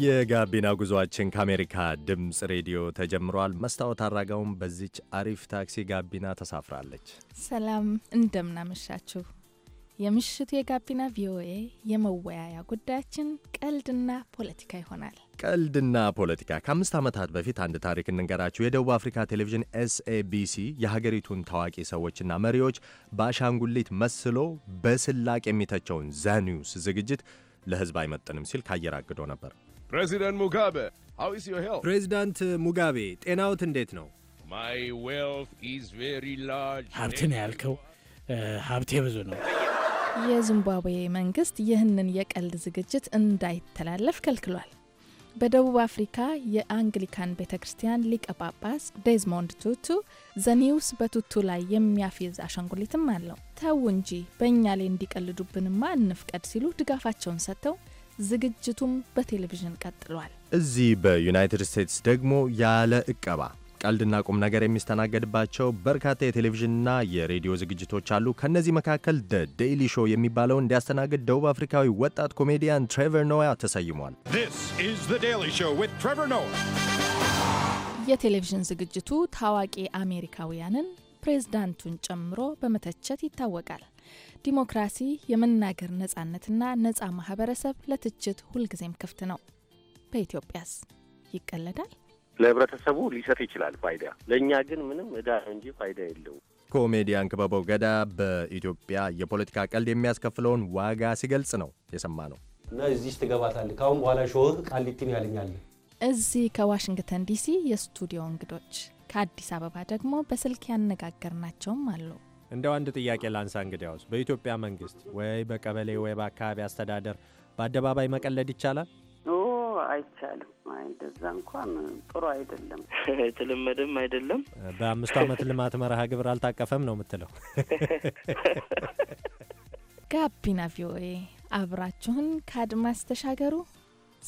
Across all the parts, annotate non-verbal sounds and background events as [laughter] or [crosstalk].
የጋቢና ጉዞአችን ከአሜሪካ ድምፅ ሬዲዮ ተጀምሯል። መስታወት አራጋውም በዚች አሪፍ ታክሲ ጋቢና ተሳፍራለች። ሰላም እንደምናመሻችሁ። የምሽቱ የጋቢና ቪኦኤ የመወያያ ጉዳያችን ቀልድና ፖለቲካ ይሆናል። ቀልድና ፖለቲካ። ከአምስት ዓመታት በፊት አንድ ታሪክ እንንገራችሁ። የደቡብ አፍሪካ ቴሌቪዥን ኤስኤቢሲ የሀገሪቱን ታዋቂ ሰዎችና መሪዎች በአሻንጉሊት መስሎ በስላቅ የሚተቸውን ዘኒውስ ዝግጅት ለሕዝብ አይመጥንም ሲል ካየር አግዶ ነበር። ፕሬዚዳንት ሙጋቤ ሃው ኢዝ ዮር ሄልዝ? ፕሬዚዳንት ሙጋቤ ጤናዎት እንዴት ነው? ማይ ዌልዝ ኢዝ ቬሪ ላርጅ። ሀብት ነው ያልከው? ሀብቴ ብዙ ነው። የዚምባብዌ መንግስት ይህንን የቀልድ ዝግጅት እንዳይተላለፍ ከልክሏል። በደቡብ አፍሪካ የአንግሊካን ቤተ ክርስቲያን ሊቀ ጳጳስ ዴዝሞንድ ቱቱ ዘኒውስ በቱቱ ላይ የሚያፌዝ አሻንጉሊትም አለው። ተው እንጂ በእኛ ላይ እንዲቀልዱብንማ እንፍቀድ ሲሉ ድጋፋቸውን ሰጥተው ዝግጅቱም በቴሌቪዥን ቀጥሏል። እዚህ በዩናይትድ ስቴትስ ደግሞ ያለ እቀባ ቀልድና ቁም ነገር የሚስተናገድባቸው በርካታ የቴሌቪዥንና የሬዲዮ ዝግጅቶች አሉ። ከእነዚህ መካከል ደ ዴይሊ ሾው የሚባለውን እንዲያስተናግድ ደቡብ አፍሪካዊ ወጣት ኮሜዲያን ትሬቨር ኖያ ተሰይሟል። የቴሌቪዥን ዝግጅቱ ታዋቂ አሜሪካውያንን ፕሬዝዳንቱን ጨምሮ በመተቸት ይታወቃል። ዲሞክራሲ፣ የመናገር ነጻነትና ነጻ ማህበረሰብ ለትችት ሁልጊዜም ክፍት ነው። በኢትዮጵያስ ይቀለዳል? ለህብረተሰቡ ሊሰጥ ይችላል ፋይዳ፣ ለእኛ ግን ምንም እዳ እንጂ ፋይዳ የለው። ኮሜዲያን ክበበው ገዳ በኢትዮጵያ የፖለቲካ ቀልድ የሚያስከፍለውን ዋጋ ሲገልጽ ነው የሰማ ነው። እና እዚህ ትገባታል ካሁን በኋላ ሾህ ቃሊቲን ያለኛል። እዚህ ከዋሽንግተን ዲሲ የስቱዲዮ እንግዶች ከአዲስ አበባ ደግሞ በስልክ ያነጋገርናቸውም አሉ። እንደው አንድ ጥያቄ ላንሳ። እንግዲያውስ በኢትዮጵያ መንግስት ወይ በቀበሌ ወይ በአካባቢ አስተዳደር በአደባባይ መቀለድ ይቻላል? አይቻልም። አይደዛ እንኳን ጥሩ አይደለም፣ [laughs] የተለመደም አይደለም። በአምስቱ ዓመት ልማት መርሃ ግብር አልታቀፈም ነው የምትለው? [laughs] ጋቢና ቪኦኤ አብራችሁን ከአድማስ ተሻገሩ።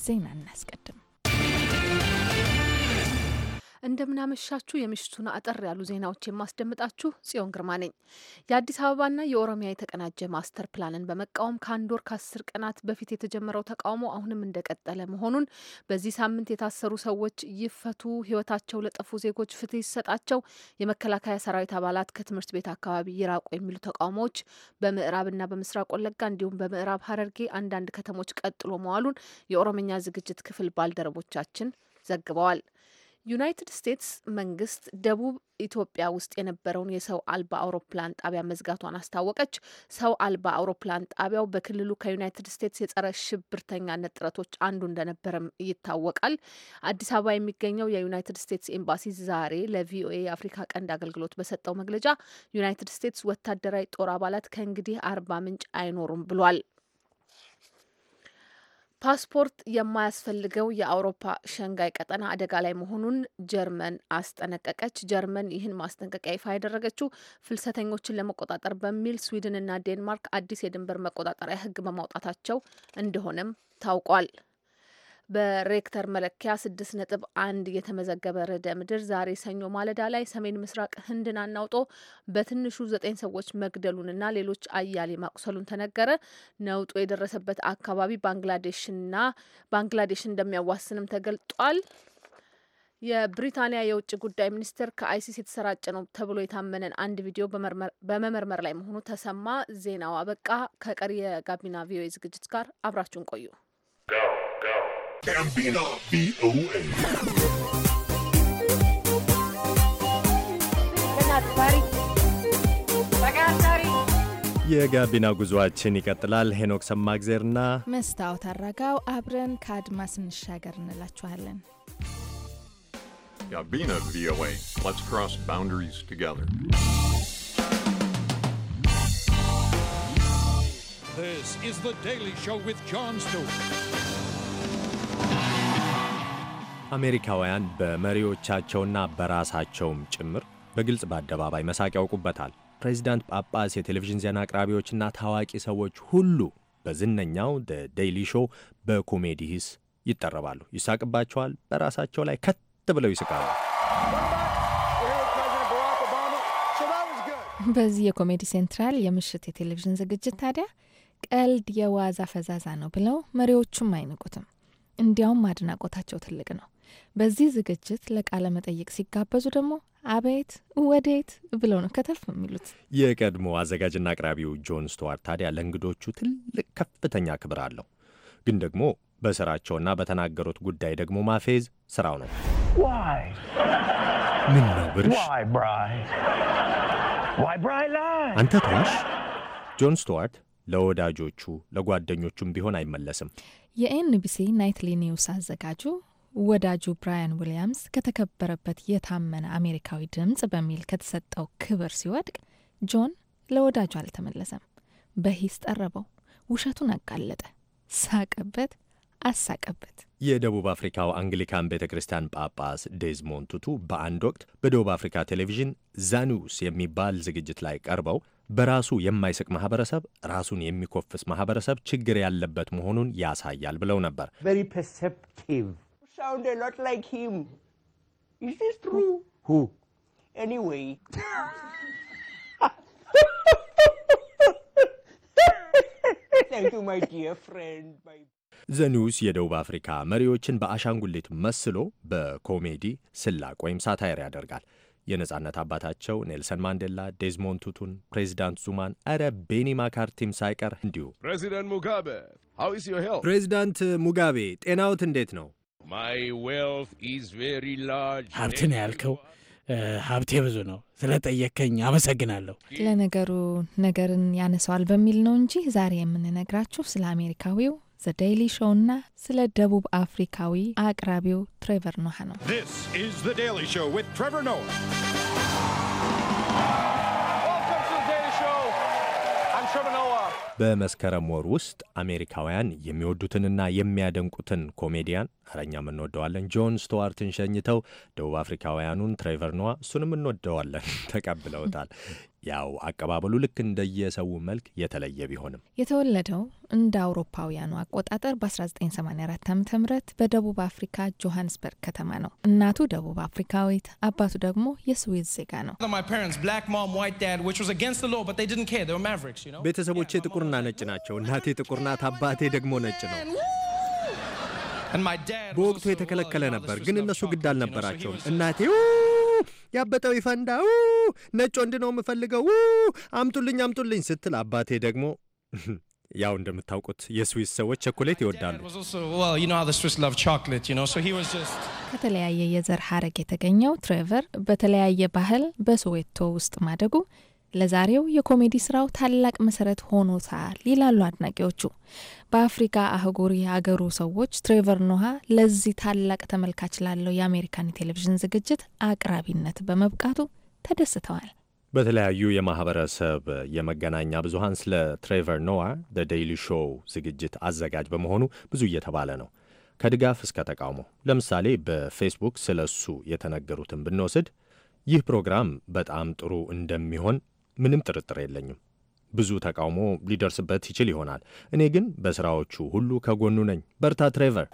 ዜና እናስቀድም። እንደምናመሻችሁ የምሽቱን አጠር ያሉ ዜናዎች የማስደምጣችሁ ጽዮን ግርማ ነኝ። የአዲስ አበባና የኦሮሚያ የተቀናጀ ማስተር ፕላንን በመቃወም ከአንድ ወር ከአስር ቀናት በፊት የተጀመረው ተቃውሞ አሁንም እንደቀጠለ መሆኑን፣ በዚህ ሳምንት የታሰሩ ሰዎች ይፈቱ፣ ሕይወታቸው ለጠፉ ዜጎች ፍትህ ይሰጣቸው፣ የመከላከያ ሰራዊት አባላት ከትምህርት ቤት አካባቢ ይራቁ የሚሉ ተቃውሞዎች በምዕራብና በምስራቅ ወለጋ እንዲሁም በምዕራብ ሀረርጌ አንዳንድ ከተሞች ቀጥሎ መዋሉን የኦሮምኛ ዝግጅት ክፍል ባልደረቦቻችን ዘግበዋል። ዩናይትድ ስቴትስ መንግስት ደቡብ ኢትዮጵያ ውስጥ የነበረውን የሰው አልባ አውሮፕላን ጣቢያ መዝጋቷን አስታወቀች። ሰው አልባ አውሮፕላን ጣቢያው በክልሉ ከዩናይትድ ስቴትስ የጸረ ሽብርተኛነት ጥረቶች አንዱ እንደነበረም ይታወቃል። አዲስ አበባ የሚገኘው የዩናይትድ ስቴትስ ኤምባሲ ዛሬ ለቪኦኤ የአፍሪካ ቀንድ አገልግሎት በሰጠው መግለጫ ዩናይትድ ስቴትስ ወታደራዊ ጦር አባላት ከእንግዲህ አርባ ምንጭ አይኖሩም ብሏል። ፓስፖርት የማያስፈልገው የአውሮፓ ሸንጋይ ቀጠና አደጋ ላይ መሆኑን ጀርመን አስጠነቀቀች። ጀርመን ይህን ማስጠንቀቂያ ይፋ ያደረገችው ፍልሰተኞችን ለመቆጣጠር በሚል ስዊድንና ዴንማርክ አዲስ የድንበር መቆጣጠሪያ ሕግ በማውጣታቸው እንደሆነም ታውቋል። በሬክተር መለኪያ ስድስት ነጥብ አንድ የተመዘገበ ርዕደ ምድር ዛሬ ሰኞ ማለዳ ላይ ሰሜን ምስራቅ ህንድን አናውጦ በትንሹ ዘጠኝ ሰዎች መግደሉንና ሌሎች አያሌ ማቁሰሉን ተነገረ። ነውጡ የደረሰበት አካባቢ ባንግላዴሽና ባንግላዴሽ እንደሚያዋስንም ተገልጧል። የብሪታንያ የውጭ ጉዳይ ሚኒስትር ከአይሲስ የተሰራጨ ነው ተብሎ የታመነን አንድ ቪዲዮ በመመርመር ላይ መሆኑ ተሰማ። ዜናው አበቃ። ከቀሪ የጋቢና ቪኦኤ ዝግጅት ጋር አብራችሁን ቆዩ። ጋቢና ቪኦኤ የጋቢና ጉዞአችን ይቀጥላል። ሄኖክ ሰማግዜርና መስታወት አራጋው አብረን ከአድማስ እንሻገር እንላችኋለን። ጋቢና ቪኦኤ ሌትስ ክሮስ ባውንደሪስ ቱጌዘር This is the Daily Show with John Stewart. አሜሪካውያን በመሪዎቻቸውና በራሳቸውም ጭምር በግልጽ በአደባባይ መሳቅ ያውቁበታል። ፕሬዚዳንት፣ ጳጳስ፣ የቴሌቪዥን ዜና አቅራቢዎችና ታዋቂ ሰዎች ሁሉ በዝነኛው ደ ዴይሊ ሾው በኮሜዲ ሂስ ይጠረባሉ፣ ይሳቅባቸዋል፣ በራሳቸው ላይ ከት ብለው ይስቃሉ። በዚህ የኮሜዲ ሴንትራል የምሽት የቴሌቪዥን ዝግጅት ታዲያ ቀልድ የዋዛ ፈዛዛ ነው ብለው መሪዎቹም አይንቁትም። እንዲያውም አድናቆታቸው ትልቅ ነው። በዚህ ዝግጅት ለቃለ መጠይቅ ሲጋበዙ ደግሞ አቤት ወዴት ብለው ነው ከተፍ የሚሉት። የቀድሞ አዘጋጅና አቅራቢው ጆን ስቱዋርት ታዲያ ለእንግዶቹ ትልቅ ከፍተኛ ክብር አለው። ግን ደግሞ በስራቸውና በተናገሩት ጉዳይ ደግሞ ማፌዝ ስራው ነው። ምን ነው ብርሽ? አንተ ተዋሽ። ጆን ስቱዋርት ለወዳጆቹ ለጓደኞቹም ቢሆን አይመለስም። የኤንቢሲ ናይትሊ ኒውስ አዘጋጁ ወዳጁ ብራያን ዊሊያምስ ከተከበረበት የታመነ አሜሪካዊ ድምፅ በሚል ከተሰጠው ክብር ሲወድቅ ጆን ለወዳጁ አልተመለሰም። በሂስ ጠረበው፣ ውሸቱን አጋለጠ፣ ሳቀበት፣ አሳቀበት። የደቡብ አፍሪካው አንግሊካን ቤተ ክርስቲያን ጳጳስ ዴዝሞንድ ቱቱ በአንድ ወቅት በደቡብ አፍሪካ ቴሌቪዥን ዛኒውስ የሚባል ዝግጅት ላይ ቀርበው በራሱ የማይስቅ ማህበረሰብ ራሱን የሚኮፍስ ማህበረሰብ ችግር ያለበት መሆኑን ያሳያል ብለው ነበር። sound a lot like him. Is this true? Who? Anyway. [laughs] Thank you, my dear friend. My... ዘኒውስ የደቡብ አፍሪካ መሪዎችን በአሻንጉሊት መስሎ በኮሜዲ ስላቅ ወይም ሳታይር ያደርጋል። የነጻነት አባታቸው ኔልሰን ማንዴላ፣ ዴዝሞንድ ቱቱን፣ ፕሬዚዳንት ዙማን እረ ቤኒ ማካርቲም ሳይቀር እንዲሁ ፕሬዚዳንት ሙጋቤ ፕሬዚዳንት ሙጋቤ ጤናዎት እንዴት ነው? ሀብትን ያልከው። ሀብቴ ብዙ ነው። ስለጠየከኝ አመሰግናለሁ። ለነገሩ ነገርን ያነሰዋል በሚል ነው እንጂ ዛሬ የምንነግራችሁ ስለ አሜሪካዊው ዘ ዴይሊ ሾው እና ስለ ደቡብ አፍሪካዊ አቅራቢው ትሬቨር ነሃ ነው። በመስከረም ወር ውስጥ አሜሪካውያን የሚወዱትንና የሚያደንቁትን ኮሜዲያን እረኛም እንወደዋለን ጆን ስቱዋርትን ሸኝተው ደቡብ አፍሪካውያኑን ትሬቨር ኖዋ እሱንም እንወደዋለን [laughs] ተቀብለውታል። ያው አቀባበሉ ልክ እንደየሰው መልክ የተለየ ቢሆንም የተወለደው እንደ አውሮፓውያኑ አቆጣጠር በ1984 ዓ ም በደቡብ አፍሪካ ጆሃንስበርግ ከተማ ነው። እናቱ ደቡብ አፍሪካዊት፣ አባቱ ደግሞ የስዊዝ ዜጋ ነው። ቤተሰቦቼ ጥቁርና ነጭ ናቸው። እናቴ ጥቁር ናት፣ አባቴ ደግሞ ነጭ ነው። በወቅቱ የተከለከለ ነበር፣ ግን እነሱ ግድ አልነበራቸውም። እናቴ ያበጠው ይፈንዳ፣ ው ነጭ ወንድ ነው የምፈልገው፣ አምጡልኝ አምጡልኝ ስትል አባቴ ደግሞ [laughs] ያው እንደምታውቁት የስዊስ ሰዎች ቸኮሌት ይወዳሉ። ከተለያየ የዘር ሀረግ የተገኘው ትሬቨር በተለያየ ባህል በሶዌቶ ውስጥ ማደጉ ለዛሬው የኮሜዲ ስራው ታላቅ መሰረት ሆኖታል ይላሉ አድናቂዎቹ። በአፍሪካ አህጉር የአገሩ ሰዎች ትሬቨር ኖሃ ለዚህ ታላቅ ተመልካች ላለው የአሜሪካን ቴሌቪዥን ዝግጅት አቅራቢነት በመብቃቱ ተደስተዋል። በተለያዩ የማህበረሰብ የመገናኛ ብዙሀን ስለ ትሬቨር ኖዋ ዴይሊ ሾው ዝግጅት አዘጋጅ በመሆኑ ብዙ እየተባለ ነው፣ ከድጋፍ እስከ ተቃውሞ። ለምሳሌ በፌስቡክ ስለ እሱ የተነገሩትን ብንወስድ ይህ ፕሮግራም በጣም ጥሩ እንደሚሆን ምንም ጥርጥር የለኝም። ብዙ ተቃውሞ ሊደርስበት ይችል ይሆናል። እኔ ግን በስራዎቹ ሁሉ ከጎኑ ነኝ። በርታ ትሬቨር።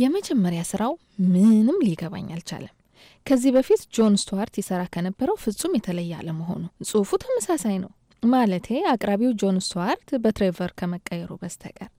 የመጀመሪያ ስራው ምንም ሊገባኝ አልቻለም። ከዚህ በፊት ጆን ስቱዋርት ይሰራ ከነበረው ፍጹም የተለየ አለመሆኑ። ጽሁፉ ተመሳሳይ ነው ማለቴ አቅራቢው ጆን ስቱዋርት በትሬቨር ከመቀየሩ በስተቀር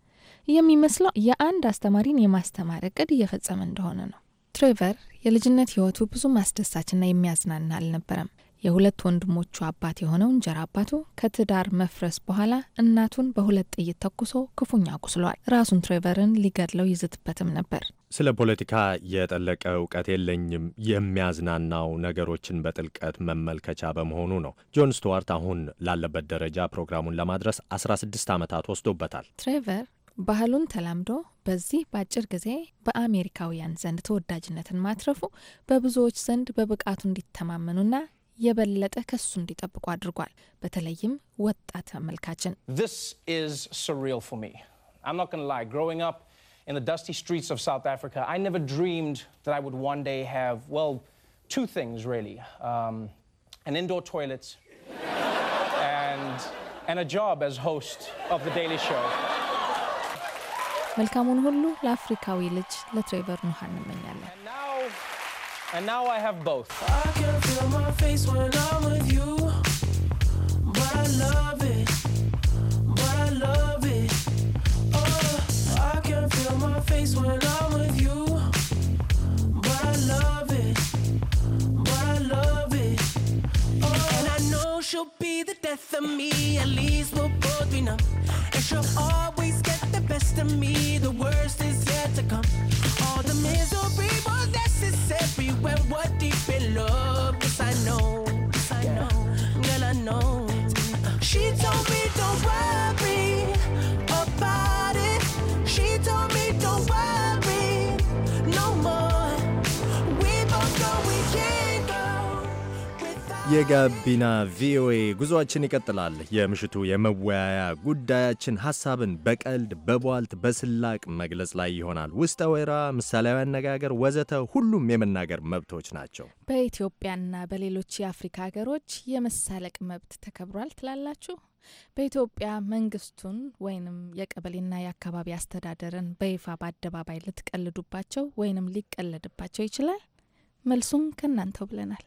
የሚመስለው የአንድ አስተማሪን የማስተማር እቅድ እየፈጸመ እንደሆነ ነው። ትሬቨር የልጅነት ህይወቱ ብዙም አስደሳችና የሚያዝናና አልነበረም። የሁለት ወንድሞቹ አባት የሆነው እንጀራ አባቱ ከትዳር መፍረስ በኋላ እናቱን በሁለት ጥይት ተኩሶ ክፉኛ ቁስሏል። ራሱን ትሬቨርን ሊገድለው ይዝትበትም ነበር። ስለ ፖለቲካ የጠለቀ እውቀት የለኝም። የሚያዝናናው ነገሮችን በጥልቀት መመልከቻ በመሆኑ ነው። ጆን ስቱዋርት አሁን ላለበት ደረጃ ፕሮግራሙን ለማድረስ 16 ዓመታት ወስዶበታል። ትሬቨር ባህሉን ተላምዶ በዚህ በአጭር ጊዜ በአሜሪካውያን ዘንድ ተወዳጅነትን ማትረፉ በብዙዎች ዘንድ በብቃቱ እንዲተማመኑና የበለጠ ከሱ እንዲጠብቁ አድርጓል። በተለይም ወጣት ተመልካችን in the dusty streets of South Africa, I never dreamed that I would one day have, well, two things really um, an indoor toilet [laughs] and, and a job as host of The Daily Show. መልካሙን ሁሉ ለአፍሪካዊ ልጅ ለትሬቨር ኑሃን እንመኛለን። and now I have both. I can feel my face when I'm with you. But I love it. But I love it. Oh, I can feel my face when I'm with you. But I love it. But I love it. Oh, and I know she'll be the death of me. At least we'll both be numb. And she'll always get the best of me. The worst is yet to come all the deep in love. Yes, I know. Yes, I know. Girl, I know. She told me, don't worry. የጋቢና ቪኦኤ ጉዞአችን ይቀጥላል። የምሽቱ የመወያያ ጉዳያችን ሀሳብን በቀልድ በቧልት በስላቅ መግለጽ ላይ ይሆናል። ውስጠ ወይራ፣ ምሳሌያዊ አነጋገር ወዘተ ሁሉም የመናገር መብቶች ናቸው። በኢትዮጵያና በሌሎች የአፍሪካ ሀገሮች የመሳለቅ መብት ተከብሯል ትላላችሁ? በኢትዮጵያ መንግስቱን ወይንም የቀበሌና የአካባቢ አስተዳደርን በይፋ በአደባባይ ልትቀልዱባቸው ወይንም ሊቀለድባቸው ይችላል? መልሱም ከእናንተው ብለናል።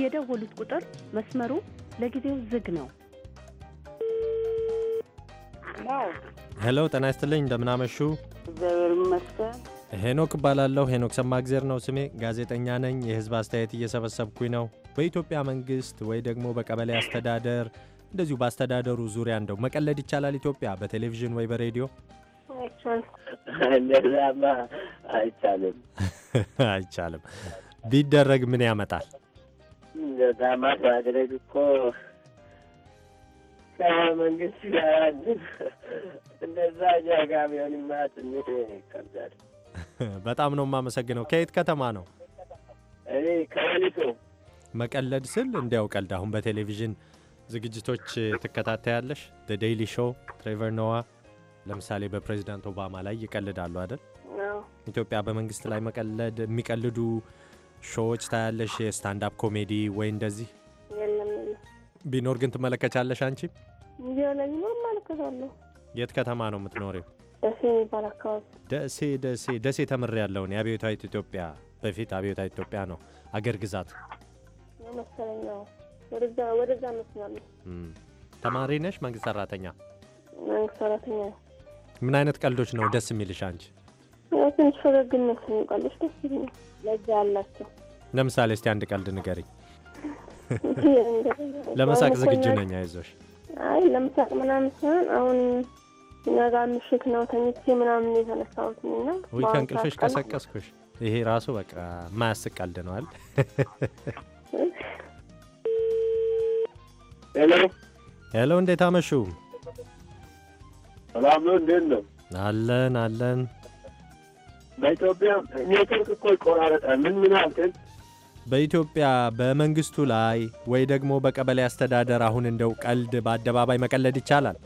የደወሉት ቁጥር መስመሩ ለጊዜው ዝግ ነው። ሄሎ ጤና ይስጥልኝ፣ እንደምናመሹ። እግዚአብሔር ይመስገን። ሄኖክ እባላለሁ። ሄኖክ ሰማእግዜር ነው ስሜ። ጋዜጠኛ ነኝ። የህዝብ አስተያየት እየሰበሰብኩኝ ነው። በኢትዮጵያ መንግስት ወይ ደግሞ በቀበሌ አስተዳደር እንደዚሁ በአስተዳደሩ ዙሪያ እንደው መቀለድ ይቻላል ኢትዮጵያ በቴሌቪዥን ወይ በሬዲዮ እንደዛማ አይቻልም፣ አይቻልም። ቢደረግ ምን ያመጣል? እንደዛማ ማድረግ እኮ ከመንግስት ጋር እንደዛ ጃጋ ቢሆንማ ትንሽ ይከብዳል። [laughs] በጣም ነው የማመሰግነው። ከየት ከተማ ነው? መቀለድ ስል እንዲያው ቀልድ። አሁን በቴሌቪዥን ዝግጅቶች ትከታተያለሽ? ዴይሊ ሾው፣ ትሬቨር ኖዋ ለምሳሌ በፕሬዚዳንት ኦባማ ላይ ይቀልዳሉ አይደል? ኢትዮጵያ በመንግስት ላይ መቀለድ የሚቀልዱ ሾዎች ታያለሽ? የስታንዳፕ ኮሜዲ ወይ እንደዚህ ቢኖር ግን ትመለከቻለሽ አንቺ? ኖርማል። የት ከተማ ነው የምትኖሪው? ደሴ የሚባል አካባቢ ደሴ ደሴ ደሴ ተምሬ ያለውን የአብዮታዊት ኢትዮጵያ በፊት አብዮታዊት ኢትዮጵያ ነው አገር ግዛት ወደዛ መስላለ። ተማሪ ነሽ? መንግስት ሰራተኛ? መንግስት ሰራተኛ። ምን አይነት ቀልዶች ነው ደስ የሚልሽ አንቺ? ትንሽ ፈገግ ቀልዶች ደስ ይል ለዛ ያላቸው። ለምሳሌ እስቲ አንድ ቀልድ ንገሪኝ። ለመሳቅ ዝግጁ ነኝ። አይዞሽ። አይ ምናምን ሳይሆን አሁን ነገ ምሽት ነው ተኝቼ ምናምን የተነሳሁት እና ወይ ከእንቅልፍሽ ቀሰቀስኩሽ። ይሄ ራሱ በቃ የማያስቅ ቀልድ ነዋል። [laughs] ሄሎ፣ እንዴት አመሹ? ሰላም ነው? እንዴት ነው? አለን አለን። በኢትዮጵያ ኔትወርክ እኮ ይቆራረጠ ምን ምን አልክን? በኢትዮጵያ በመንግስቱ ላይ ወይ ደግሞ በቀበሌ አስተዳደር አሁን እንደው ቀልድ በአደባባይ መቀለድ ይቻላል?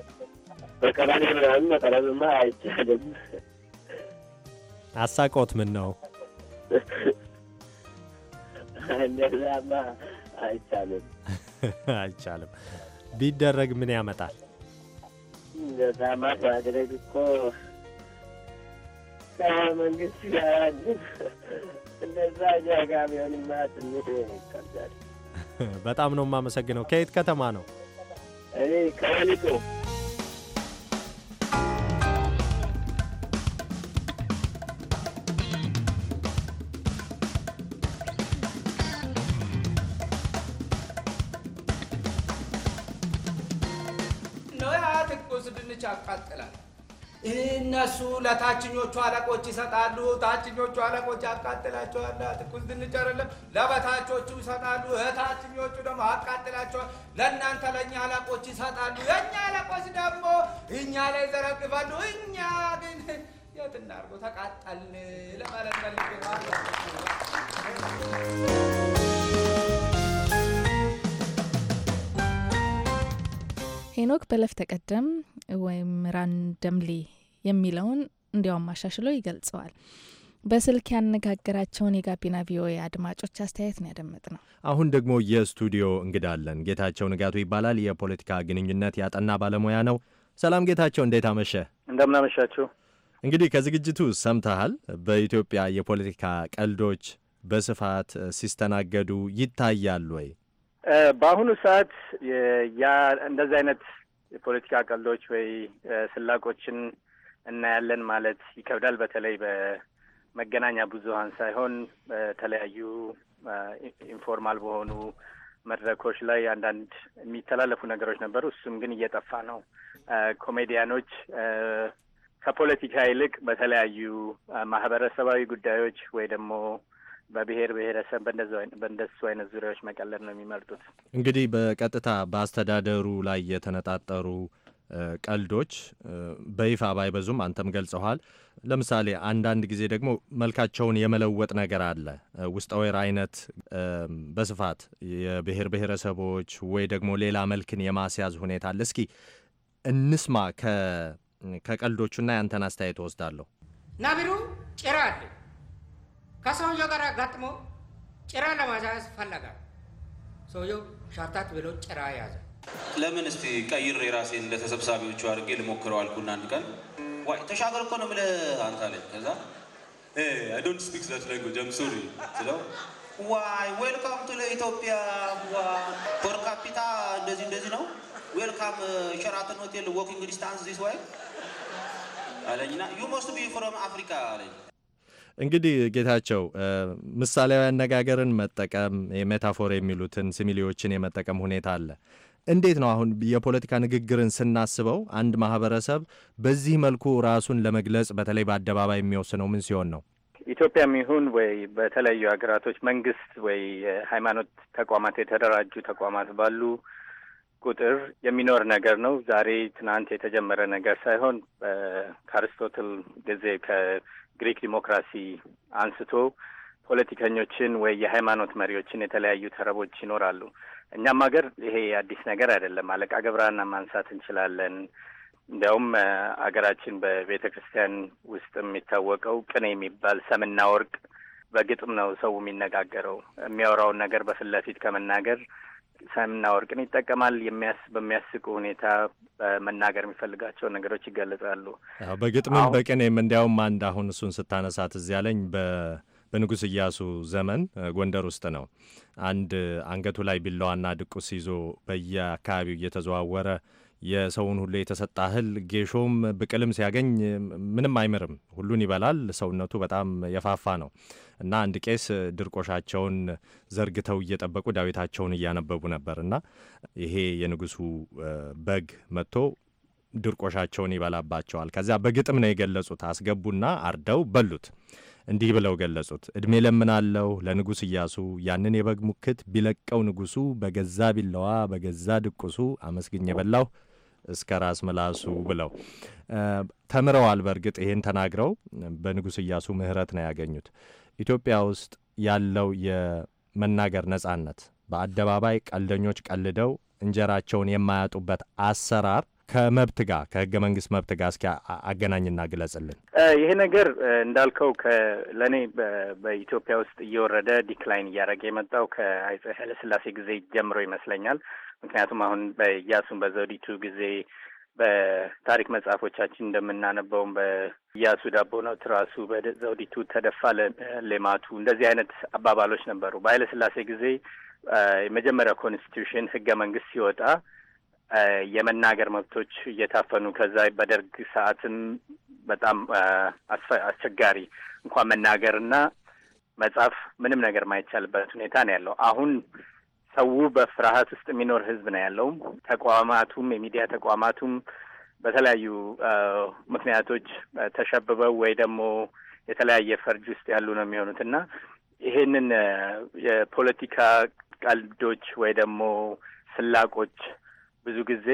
በቀበሌ ምናምን መቅረብማ አይቻልም። አሳቆት ምን ነው እንደዛማ አይቻልም፣ [laughs] አይቻልም። ቢደረግ ምን ያመጣል? እንደዛማ ማድረግ እኮ ከመንግስት ጋር እንደዛ ጃጋ ቢሆንማ ትንሽ ይከብዳል። [laughs] በጣም ነው የማመሰግነው። ከየት ከተማ ነው? እኔ ከወሊሶ እነሱ ለታችኞቹ አለቆች ይሰጣሉ። ታችኞቹ አለቆች ያቃጥላቸዋል፣ ትኩስ ድንች አይደለም። ለበታቾቹ ይሰጣሉ፣ ታችኞቹ ደግሞ አቃጥላቸዋል። ለእናንተ ለእኛ አለቆች ይሰጣሉ። የእኛ አለቆች ደግሞ እኛ ላይ ዘረግፋሉ። እኛ ግን የት እናድርጎ ተቃጠል ለማለት ፈልግ ሄኖክ በለፍ ተቀደም ወይም ራንደምሊ የሚለውን እንዲያውም አሻሽሎ ይገልጸዋል። በስልክ ያነጋገራቸውን የጋቢና ቪኦኤ አድማጮች አስተያየት ነው ያደመጥ ነው። አሁን ደግሞ የስቱዲዮ እንግዳ አለን። ጌታቸው ንጋቱ ይባላል። የፖለቲካ ግንኙነት ያጠና ባለሙያ ነው። ሰላም ጌታቸው፣ እንዴት አመሸ? እንደምናመሻችሁ። እንግዲህ ከዝግጅቱ ሰምተሃል። በኢትዮጵያ የፖለቲካ ቀልዶች በስፋት ሲስተናገዱ ይታያል ወይ? በአሁኑ ሰዓት ያ እንደዚህ አይነት የፖለቲካ ቀልዶች ወይ ስላቆችን እናያለን ማለት ይከብዳል። በተለይ በመገናኛ ብዙኃን ሳይሆን በተለያዩ ኢንፎርማል በሆኑ መድረኮች ላይ አንዳንድ የሚተላለፉ ነገሮች ነበሩ። እሱም ግን እየጠፋ ነው። ኮሜዲያኖች ከፖለቲካ ይልቅ በተለያዩ ማህበረሰባዊ ጉዳዮች ወይ ደግሞ በብሔር ብሔረሰብ በእንደሱ አይነት ዙሪያዎች መቀለድ ነው የሚመርጡት። እንግዲህ በቀጥታ በአስተዳደሩ ላይ የተነጣጠሩ ቀልዶች በይፋ ባይበዙም አንተም ገልጸዋል። ለምሳሌ አንዳንድ ጊዜ ደግሞ መልካቸውን የመለወጥ ነገር አለ። ውስጠ ወይራ አይነት በስፋት የብሔር ብሔረሰቦች ወይ ደግሞ ሌላ መልክን የማስያዝ ሁኔታ አለ። እስኪ እንስማ ከቀልዶቹና ያንተን አስተያየት ወስዳለሁ ናቢሩ ጭራ አለ ከሰውየው ጋር አጋጥሞ ጭራ ለማሳያዝ ፈለገ። ሰውየው ሻርታት ብሎ ጭራ ያዘ። ለምን እስቲ ቀይር የራሴን ለተሰብሳቢዎቹ አድርጌ ልሞክረው አልኩና አንድ ቀን ዋይ ተሻገር እኮ ነው የምልህ አንተ አለኝ። ከዛ አይ ዶንት ስፒክ ዛት ላንጉጅ አም ሶሪ ስለው ዋይ ዌልካም ቱ ለኢትዮጵያ ፖር ካፒታ እንደዚህ እንደዚህ ነው ዌልካም ሸራተን ሆቴል ዎኪንግ ዲስታንስ ዚስ ዋይ አለኝና ዩ ሞስት ቢ ፍሮም አፍሪካ አለኝ እንግዲህ ጌታቸው ምሳሌያዊ አነጋገርን መጠቀም የሜታፎር የሚሉትን ሲሚሊዎችን የመጠቀም ሁኔታ አለ። እንዴት ነው አሁን የፖለቲካ ንግግርን ስናስበው አንድ ማህበረሰብ በዚህ መልኩ ራሱን ለመግለጽ በተለይ በአደባባይ የሚወስነው ምን ሲሆን ነው? ኢትዮጵያም ይሁን ወይ በተለያዩ ሀገራቶች መንግስት ወይ ሃይማኖት ተቋማት የተደራጁ ተቋማት ባሉ ቁጥር የሚኖር ነገር ነው። ዛሬ ትናንት የተጀመረ ነገር ሳይሆን ከአርስቶትል ጊዜ ግሪክ ዲሞክራሲ አንስቶ ፖለቲከኞችን ወይ የሃይማኖት መሪዎችን የተለያዩ ተረቦች ይኖራሉ። እኛም ሀገር ይሄ አዲስ ነገር አይደለም። አለቃ ገብረሃና ማንሳት እንችላለን። እንዲያውም አገራችን በቤተ ክርስቲያን ውስጥ የሚታወቀው ቅኔ የሚባል ሰምና ወርቅ በግጥም ነው ሰው የሚነጋገረው። የሚያወራውን ነገር በፊት ለፊት ከመናገር ሰምና ወርቅን ይጠቀማል። የሚያስ በሚያስቁ ሁኔታ መናገር የሚፈልጋቸው ነገሮች ይገለጻሉ። በግጥምም በቅኔም እንዲያውም አንድ አሁን እሱን ስታነሳት እዚ ያለኝ በንጉሥ እያሱ ዘመን ጎንደር ውስጥ ነው። አንድ አንገቱ ላይ ቢላዋና ድቁስ ይዞ በየአካባቢው እየተዘዋወረ የሰውን ሁሉ የተሰጠ እህል ጌሾም ብቅልም ሲያገኝ ምንም አይምርም፣ ሁሉን ይበላል። ሰውነቱ በጣም የፋፋ ነው እና አንድ ቄስ ድርቆሻቸውን ዘርግተው እየጠበቁ ዳዊታቸውን እያነበቡ ነበር እና ይሄ የንጉሱ በግ መጥቶ ድርቆሻቸውን ይበላባቸዋል። ከዚያ በግጥም ነው የገለጹት። አስገቡና አርደው በሉት። እንዲህ ብለው ገለጹት። እድሜ ለምናለው ለንጉሥ እያሱ ያንን የበግ ሙክት ቢለቀው ንጉሱ በገዛ ቢላዋ በገዛ ድቁሱ አመስግኝ የበላሁ እስከ ራስ ምላሱ ብለው ተምረዋል። በእርግጥ ይህን ተናግረው በንጉሥ እያሱ ምህረት ነው ያገኙት። ኢትዮጵያ ውስጥ ያለው የመናገር ነጻነት፣ በአደባባይ ቀልደኞች ቀልደው እንጀራቸውን የማያጡበት አሰራር ከመብት ጋር ከህገ መንግስት መብት ጋር እስኪ አገናኝና ግለጽልን። ይሄ ነገር እንዳልከው ለእኔ በኢትዮጵያ ውስጥ እየወረደ ዲክላይን እያደረገ የመጣው ከአፄ ኃይለስላሴ ጊዜ ጀምሮ ይመስለኛል። ምክንያቱም አሁን በኢያሱን በዘውዲቱ ጊዜ በታሪክ መጽሐፎቻችን እንደምናነበውም በኢያሱ ዳቦ ነው ትራሱ፣ በዘውዲቱ ተደፋ ሌማቱ፣ እንደዚህ አይነት አባባሎች ነበሩ። በኃይለስላሴ ጊዜ የመጀመሪያው ኮንስቲቱሽን ህገ መንግስት ሲወጣ የመናገር መብቶች እየታፈኑ ከዛ በደርግ ሰዓትም በጣም አስቸጋሪ እንኳን መናገርና መጻፍ ምንም ነገር ማይቻልበት ሁኔታ ነው ያለው። አሁን ሰው በፍርሃት ውስጥ የሚኖር ህዝብ ነው ያለው። ተቋማቱም የሚዲያ ተቋማቱም በተለያዩ ምክንያቶች ተሸብበው ወይ ደግሞ የተለያየ ፈርጅ ውስጥ ያሉ ነው የሚሆኑት እና ይሄንን የፖለቲካ ቀልዶች ወይ ደግሞ ስላቆች ብዙ ጊዜ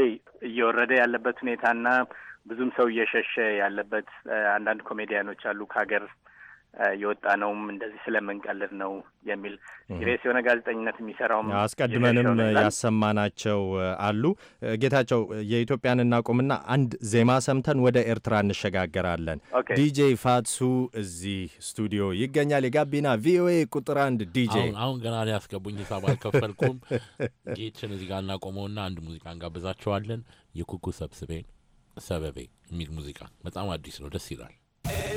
እየወረደ ያለበት ሁኔታና ብዙም ሰው እየሸሸ ያለበት አንዳንድ ኮሜዲያኖች አሉ ከሀገር የወጣ ነውም እንደዚህ ስለምንቀልድ ነው የሚል ሲሪየስ የሆነ ጋዜጠኝነት የሚሰራውም አስቀድመንም ያሰማናቸው አሉ። ጌታቸው የኢትዮጵያን እናቁምና አንድ ዜማ ሰምተን ወደ ኤርትራ እንሸጋገራለን። ዲጄ ፋትሱ እዚህ ስቱዲዮ ይገኛል። የጋቢና ቪኦኤ ቁጥር አንድ ዲጄ አሁን ገና ሊያስገቡኝ ሂሳብ አልከፈልኩም። ጌችን እዚህ ጋር እናቆመውና አንድ ሙዚቃ እንጋብዛቸዋለን። የኩኩ ሰብስቤ ሰበቤ የሚል ሙዚቃ በጣም አዲስ ነው፣ ደስ ይላል።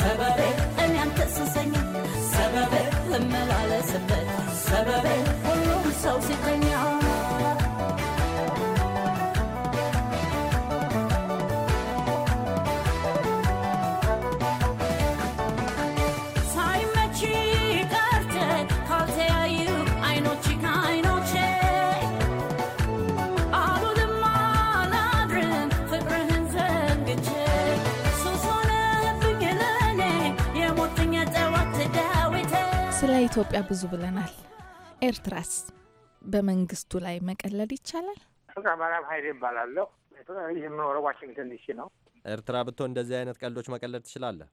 ሰበቤ እኔ አንተስሰኝ ሰበቤ እመላለስበት ሰበቤ ሁሉም ሰው ሲቀኝ ስለ ኢትዮጵያ ብዙ ብለናል። ኤርትራስ በመንግስቱ ላይ መቀለድ ይቻላል? ፍቅረ ማርያም ሀይሌ እባላለሁ። የምኖረው ዋሽንግተን ዲሲ ነው። ኤርትራ ብትሆን እንደዚህ አይነት ቀልዶች መቀለድ ትችላለህ?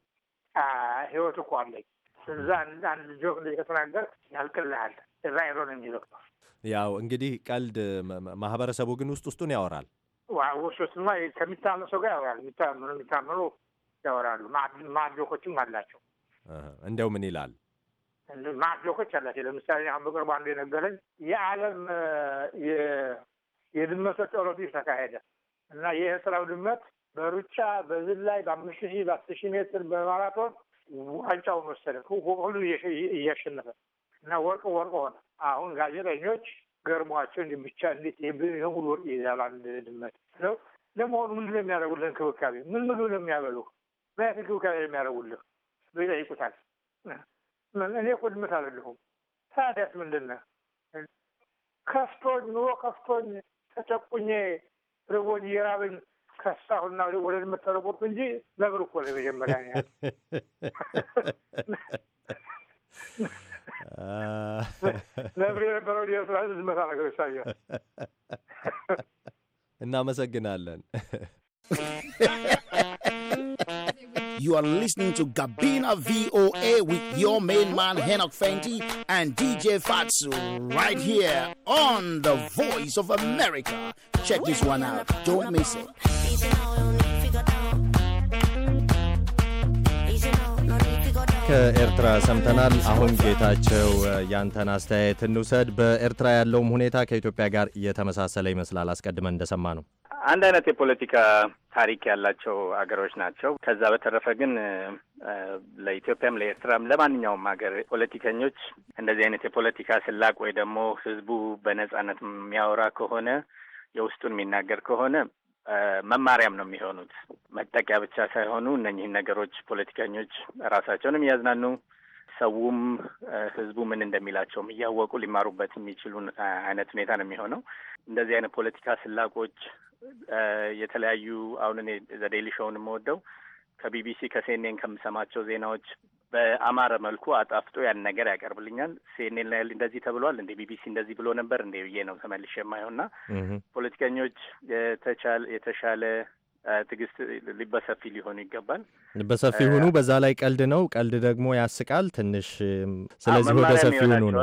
ህይወት እኮ አለኝ። እዛ አንድ ጆክ እንደዚህ ከተናገር ያልቅልሃል። እዛ ይሮ ነው የሚለው። ያው እንግዲህ ቀልድ ማህበረሰቡ ግን ውስጥ ውስጡን ያወራል። ውስጥ ውስጡማ ሰው ጋር ያወራል። የሚታመኑ ያወራሉ። ማጆኮችም አላቸው። እንደው ምን ይላል ማት ሎኮች አላቸው። ለምሳሌ አሁን በቅርቡ አንዱ የነገረኝ የዓለም የድመቶች ኦሎምፒክ ተካሄደ እና ይህ ስራው ድመት በሩጫ በዝላይ በአምስት ሺህ በአስር ሺህ ሜትር በማራቶን ዋንጫውን ወሰደ። ሁሉ እያሸነፈ እና ወርቅ ወርቅ ሆነ። አሁን ጋዜጠኞች ገርሟቸው እንዲ ብቻ እንዴት ይህን ሁሉ ወርቅ ይይዛል አንድ ድመት ነው? ለመሆኑ ምንድን ነው የሚያደርጉልህ? እንክብካቤ ምን ምግብ ነው የሚያበሉ? ምክንያት እንክብካቤ ነው የሚያደርጉልህ? ይጠይቁታል። እኔ ቁድምት ድመት አይደለሁም። ታዲያስ ምንድን ነህ? ከፍቶኝ ኑሮ ከፍቶኝ ተጨቁኜ ርቦኝ የራበኝ ከሳሁና ወደ ድመት ተለወጥኩ እንጂ ነብር እኮ ነው መጀመሪያ [laughs] ነብር የነበረው ስራ ድመታ ነገር ይሳያል። እናመሰግናለን። [laughs] You are listening to Gabina VOA with your main man Henok Fenty and DJ Fatsu right here on The Voice of America. Check this one out. Don't miss it. ከኤርትራ ሰምተናል። አሁን ጌታቸው ያንተን አስተያየት እንውሰድ። በኤርትራ ያለውም ሁኔታ ከኢትዮጵያ ጋር እየተመሳሰለ ይመስላል። አስቀድመን እንደሰማ ነው አንድ አይነት የፖለቲካ ታሪክ ያላቸው አገሮች ናቸው። ከዛ በተረፈ ግን ለኢትዮጵያም ለኤርትራም ለማንኛውም ሀገር ፖለቲከኞች እንደዚህ አይነት የፖለቲካ ስላቅ ወይ ደግሞ ህዝቡ በነጻነት የሚያወራ ከሆነ የውስጡን የሚናገር ከሆነ መማሪያም ነው የሚሆኑት። መጠቂያ ብቻ ሳይሆኑ እነኚህን ነገሮች ፖለቲከኞች ራሳቸውንም እያዝናኑ ሰውም ህዝቡ ምን እንደሚላቸውም እያወቁ ሊማሩበት የሚችሉ አይነት ሁኔታ ነው የሚሆነው። እንደዚህ አይነት ፖለቲካ ስላቆች የተለያዩ አሁን እኔ ዘዴሊ ሾውን የምወደው ከቢቢሲ ከሲኤንኤን ከምሰማቸው ዜናዎች በአማረ መልኩ አጣፍጦ ያን ነገር ያቀርብልኛል። ሲኤንኤን ላይ እንደዚህ ተብሏል እንዴ ቢቢሲ እንደዚህ ብሎ ነበር እንዴ ብዬ ነው ተመልሼ የማየው እና ፖለቲከኞች የተሻለ ትግስት በሰፊ ሊሆኑ ይገባል። በሰፊ ሁኑ። በዛ ላይ ቀልድ ነው። ቀልድ ደግሞ ያስቃል ትንሽ። ስለዚህ ወደ ሰፊ ሁኑ ነው።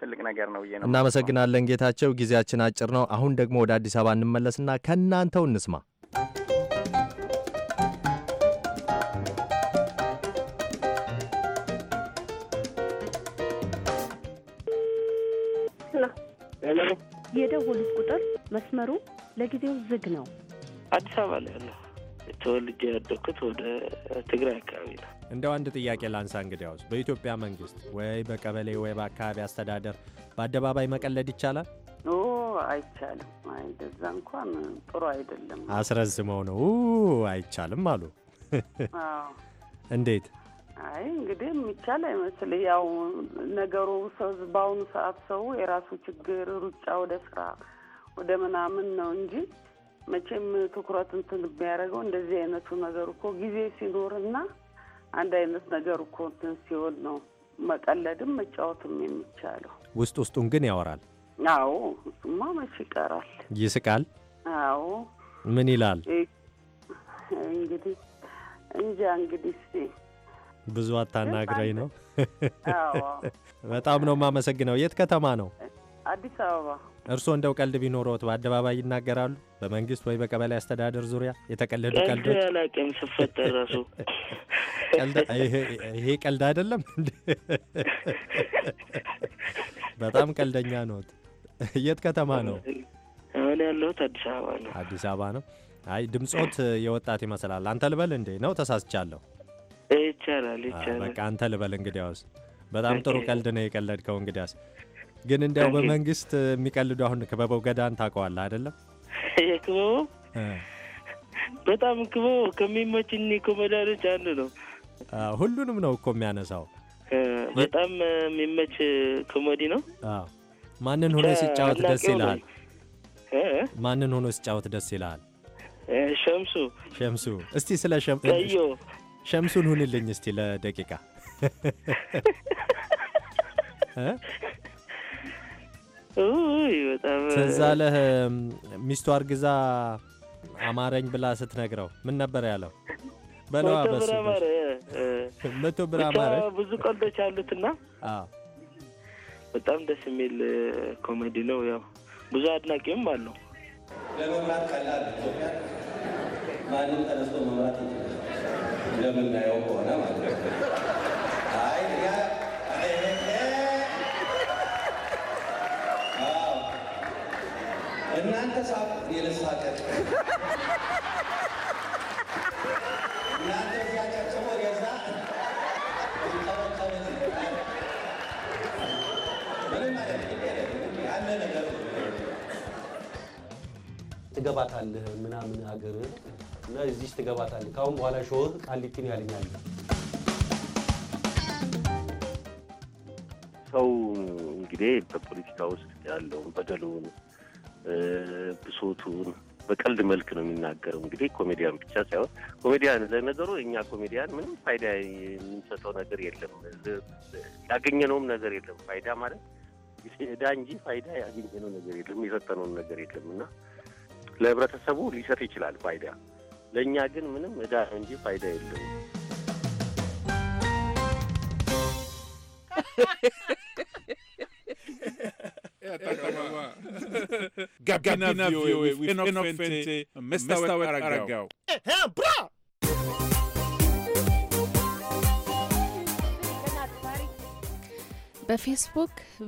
ትልቅ ነገር ነው ብዬ ነው። እናመሰግናለን ጌታቸው። ጊዜያችን አጭር ነው። አሁን ደግሞ ወደ አዲስ አበባ እንመለስና ከእናንተው እንስማ። የደወሉት ቁጥር መስመሩ ለጊዜው ዝግ ነው አዲስ አበባ ላይ ያለው። ተወልጄ ያደኩት ወደ ትግራይ አካባቢ ነው። እንደው አንድ ጥያቄ ላንሳ። እንግዲያውስ በኢትዮጵያ መንግስት ወይ በቀበሌ ወይ በአካባቢ አስተዳደር በአደባባይ መቀለድ ይቻላል? ኦ አይቻልም። አይ እንኳን ጥሩ አይደለም። አስረዝመው ነው አይቻልም አሉ። እንዴት? አይ እንግዲህ የሚቻል አይመስል ያው ነገሩ ሰው በአሁኑ ሰዓት ሰው የራሱ ችግር ሩጫ ወደ ስራ ወደ ምናምን ነው እንጂ መቼም ትኩረት እንትን የሚያደርገው እንደዚህ አይነቱ ነገር እኮ ጊዜ ሲኖርና አንድ አይነት ነገር እኮ እንትን ሲሆን ነው መቀለድም መጫወትም የሚቻለው። ውስጥ ውስጡን ግን ያወራል። አዎ እሱማ መች ይቀራል። ይስቃል። አዎ ምን ይላል እንግዲህ እንጃ እንግዲህ ብዙ አታናግረኝ ነው። [laughs] በጣም ነው የማመሰግነው። የት ከተማ ነው? አዲስ አበባ እርስዎ እንደው ቀልድ ቢኖረዎት በአደባባይ ይናገራሉ? በመንግስት ወይ በቀበሌ አስተዳደር ዙሪያ የተቀለዱ ቀልዶች አላውቅም። ስፈጠር ራሱ ይሄ ቀልድ አይደለም። በጣም ቀልደኛ ነዎት። የት ከተማ ነው? እኔ ያለሁት አዲስ አበባ ነው። አዲስ አበባ ነው። አይ ድምፆት የወጣት ይመስላል። አንተ ልበል እንዴ? ነው ተሳስቻለሁ? ይቻላል፣ ይቻላል። በቃ አንተ ልበል እንግዲያውስ። በጣም ጥሩ ቀልድ ነው የቀለድከው እንግዲያስ ግን እንዲያው በመንግስት የሚቀልዱ አሁን ክበበው ገዳን ታውቀዋል አይደለም? ክበበው በጣም ክበበው ከሚመችኝ ኮመዳሮች አንዱ ነው። ሁሉንም ነው እኮ የሚያነሳው። በጣም የሚመች ኮሞዲ ነው። ማንን ሆኖ ሲጫወት ደስ ይልሃል? ማንን ሆኖ ሲጫወት ደስ ይልሃል? ሸምሱ ሸምሱ። እስቲ ስለ ሸምሱን ሁንልኝ እስቲ ለደቂቃ [laughs] ትዝ አለህ ሚስቱ አርግዛ አማረኝ ብላ ስትነግረው ምን ነበር ያለው? በለዋ በሱ መቶ ብር አማረ። ብዙ ቀልዶች አሉትና በጣም ደስ የሚል ኮሜዲ ነው። ያው ብዙ አድናቂም አለው። ለመምራት ቀላል ማንም ተነስቶ መምራት ለምናየው ከሆነ ማለት ነው እናንተ ሳቅ ትገባታለህ ምናምን ሀገር እና እዚህ ትገባታለህ። ከአሁን በኋላ ሾህ ቃሊቲን ያለኛል ሰው እንግዲህ በፖለቲካ ውስጥ ያለውን በደሉን ብሶቱን በቀልድ መልክ ነው የሚናገረው። እንግዲህ ኮሜዲያን ብቻ ሳይሆን ኮሜዲያን ለነገሩ እኛ ኮሜዲያን ምንም ፋይዳ የምንሰጠው ነገር የለም፣ ያገኘነውም ነገር የለም። ፋይዳ ማለት እዳ እንጂ ፋይዳ ያገኘነው ነገር የለም፣ የሰጠነውን ነገር የለም። እና ለህብረተሰቡ ሊሰጥ ይችላል ፋይዳ፣ ለእኛ ግን ምንም እዳ እንጂ ፋይዳ የለም። [laughs] [laughs] በፌስቡክ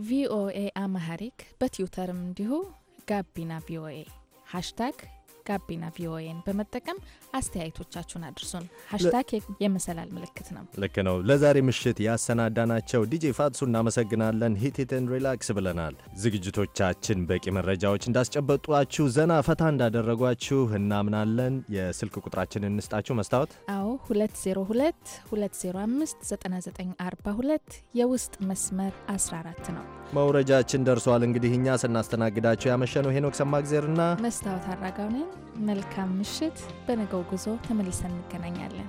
ቪኦኤ አማሐሪክ በትዊተርም እንዲሁ ጋቢና ቪኦኤ ሃሽታግ ጋቢና ቪኦኤን በመጠቀም አስተያየቶቻችሁን አድርሱን። ሀሽታግ የመሰላል ምልክት ነው። ልክ ነው። ለዛሬ ምሽት ያሰናዳናቸው ዲጄ ፋትሱ እናመሰግናለን። ሂቴትን ሪላክስ ብለናል። ዝግጅቶቻችን በቂ መረጃዎች እንዳስጨበጧችሁ፣ ዘና ፈታ እንዳደረጓችሁ እናምናለን። የስልክ ቁጥራችን እንስጣችሁ። መስታወት? አዎ 202 የውስጥ መስመር 14 ነው። መውረጃችን ደርሷል። እንግዲህ እኛ ስናስተናግዳቸው ያመሸነው ሄኖክ ሰማግዜርና መስታወት አራጋው ነን። መልካም ምሽት። በነገው ጉዞ ተመልሰን እንገናኛለን።